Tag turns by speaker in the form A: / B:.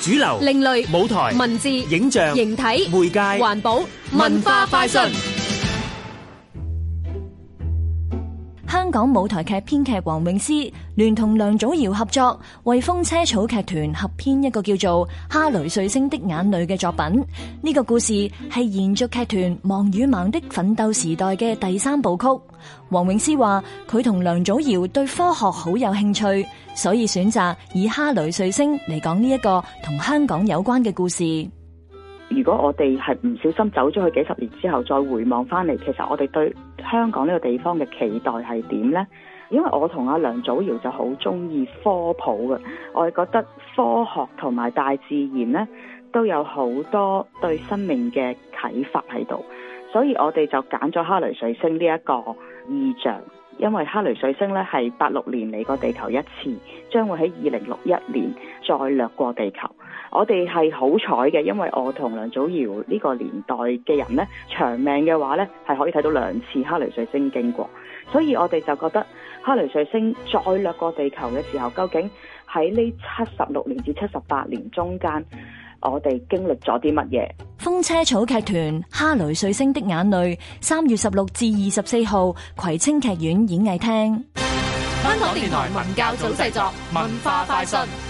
A: 主流、另類、舞台、文字、影像、形體、媒介、環保、文化、快訊。香港舞台劇編劇黃永詩聯同梁祖堯合作，為風車草劇團合編一個叫做《哈雷彗星的眼淚》嘅作品。呢個故事係延續劇團《望與夢》的奮鬥時代嘅第三部曲。黃永詩話佢同梁祖堯對科學好有興趣，所以選擇以哈雷彗星嚟講呢一個同香港有關嘅故事。
B: 如果我哋係唔小心走咗去幾十年之後再回望返嚟，其實我哋對香港呢個地方嘅期待係點呢？因為我同阿梁祖堯就好鍾意科普嘅，我係覺得科學同埋大自然呢，都有好多對生命嘅啟發喺度，所以我哋就揀咗哈雷彗星呢一個意象。因為哈雷彗星咧係八六年嚟過地球一次，將會喺二零六一年再掠過地球。我哋係好彩嘅，因為我同梁祖堯呢個年代嘅人咧，長命嘅話咧係可以睇到兩次哈雷彗星經過。所以我哋就覺得哈雷彗星再掠過地球嘅時候，究竟喺呢七十六年至七十八年中間，我哋經歷咗啲乜嘢？
A: 風車草劇團《哈雷彗星的眼淚》，三月十六至二十四號，葵青劇院演藝廳。
B: 香港電台文教組製作，文化快訊。